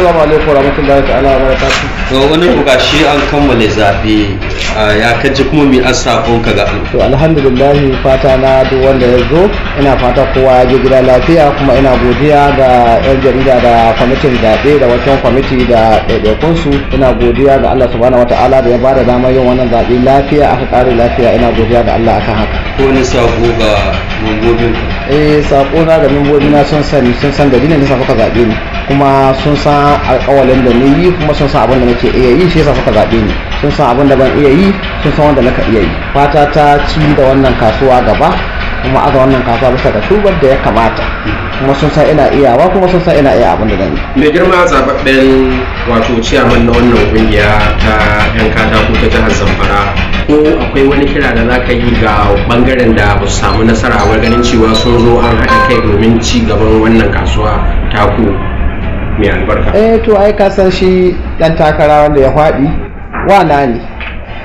assalamu alaikum warahmatullahi ta'ala wabarakatuh to wani ku gashi an kammala zabe ya kaji kuma mi an sako ka ga to alhamdulillah fata na duk wanda ya zo ina fata kowa ya je gida lafiya kuma ina godiya ga yan jarida da kwamitin zabe da wancan kwamiti da ɗaiɗaikun su ina godiya ga Allah subhanahu wataala da ya bada damar yin wannan zabe lafiya aka ƙare lafiya ina godiya ga Allah akan haka ko ni sako ga mambobin eh na ga membobina sun sani sun san dalilin da yasa kuka zaɓe ni kuma sun san alƙawalin da yi kuma sun san abin da nake iya yi shi yasa kuka zaɓe ni sun san abin da ban iya yi sun san wanda naka iya yi fata ta ci da wannan kasuwa gaba kuma aza wannan kasuwa bisa ga tubar da ya kamata kuma sun san ina iyawa kuma sun san ina iya abin da zan yi mai girma zababben wato ciyaman na wannan kungiya ta yan ko ta jihar zamfara ko akwai wani kira da za ka yi ga bangaren da ba su samu nasara a ganin cewa sun zo an haɗa kai domin ci gaban wannan kasuwa taku mai albarka eh to ai ka san shi dan takara wanda ya faɗi wana ne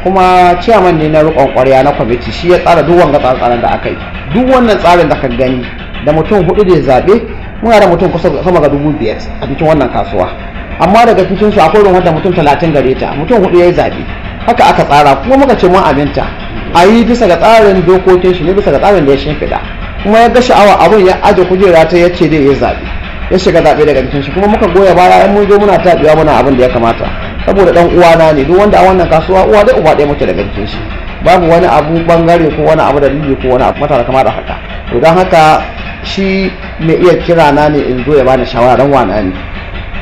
kuma ciyaman ne na rikon ƙwarya na kwamiti shi ya tsara duk wanga tsare da aka yi duk wannan tsarin da ka gani da mutum hudu da zaɓe muna da mutum kusa sama ga dubu biyar a cikin wannan kasuwa amma daga cikin su akwai da mutum talatin gare ta mutum hudu ya yi zaɓe haka aka tsara kuma muka ce mun aminta a yi bisa ga tsarin dokokin shi ne bisa ga tsarin da ya shimfiɗa kuma ya ga sha'awa abun ya aje kujera ta ya ce dai ya zaɓe ya shiga zaɓe daga cikin shi kuma muka goya baya mun zo muna taɓiwa muna abin da ya kamata saboda dan uwana ne duk wanda a wannan kasuwa uwa dai uba ɗaya muke daga cikin shi babu wani abu bangare ko wani abu da dalili ko wani abu mata kama da haka to don haka shi mai iya kira na ne in zo ya bani shawara dan wana ne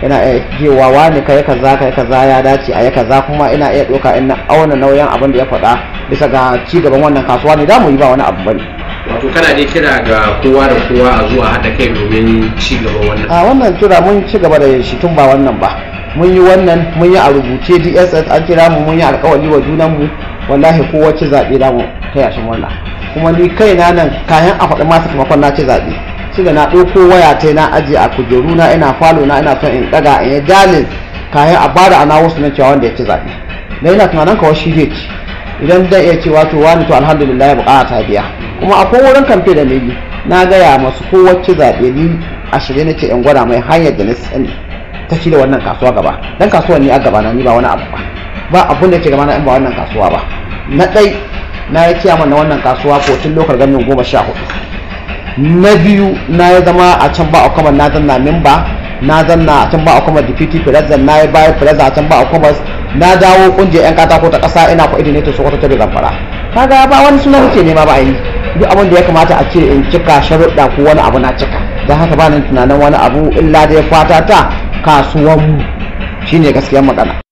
ina iya cewa wani kai kaza kai kaza ya dace a yi kaza kuma ina iya ɗauka na auna nauyin abin da ya faɗa bisa ga ci gaban wannan kasuwa ne Da mu yi ba wani abu bane wato kana dai kira ga kowa da kowa a zuwa haɗa kai domin ci gaban wannan a wannan kira mun ci gaba da shi tun ba wannan ba mun yi wannan mun yi a rubuce dss an kira mu mun yi alkawari wa junanmu wallahi kowace zaɓe za mu ta yashin wannan kuma ni kai na nan kayan a faɗi masu kamakon na ci zaɓe da na ɗauko waya ta na ajiye a kujeru na ina falo na ina son in daga in yi dalin kayan a bada ana wasu na cewa wanda ya ci zaɓe na yana tunanin kawai shi zai ci idan zan iya cewa to wani to alhamdulillah ya buƙata ta biya kuma akwai wurin kamfe da yi na gaya masu kowace zaɓe ni a shirye na ce in gwada mai hanyar da na sani ta shi da wannan kasuwa gaba dan kasuwar ni a gaba na ni ba wani abu ba ba abun da ke gama na in ba wannan kasuwa ba na ɗai na yi ciyaman na wannan kasuwa ko tun lokar gamin goma sha hudu na biyu na ya zama a can ba a na zanna memba na zanna a can ba okama deputy president na ya president a can ba okama na dawo kunje yan katako ta kasa ina ko idinita su kwata ta da zamfara kaga ba wani suna nake nema ba yi duk abin da ya kamata a ce in cika sharuɗa ko wani abu na cika don haka ba nan tunanin wani abu illa da ya fata ta shi ne gaskiyar magana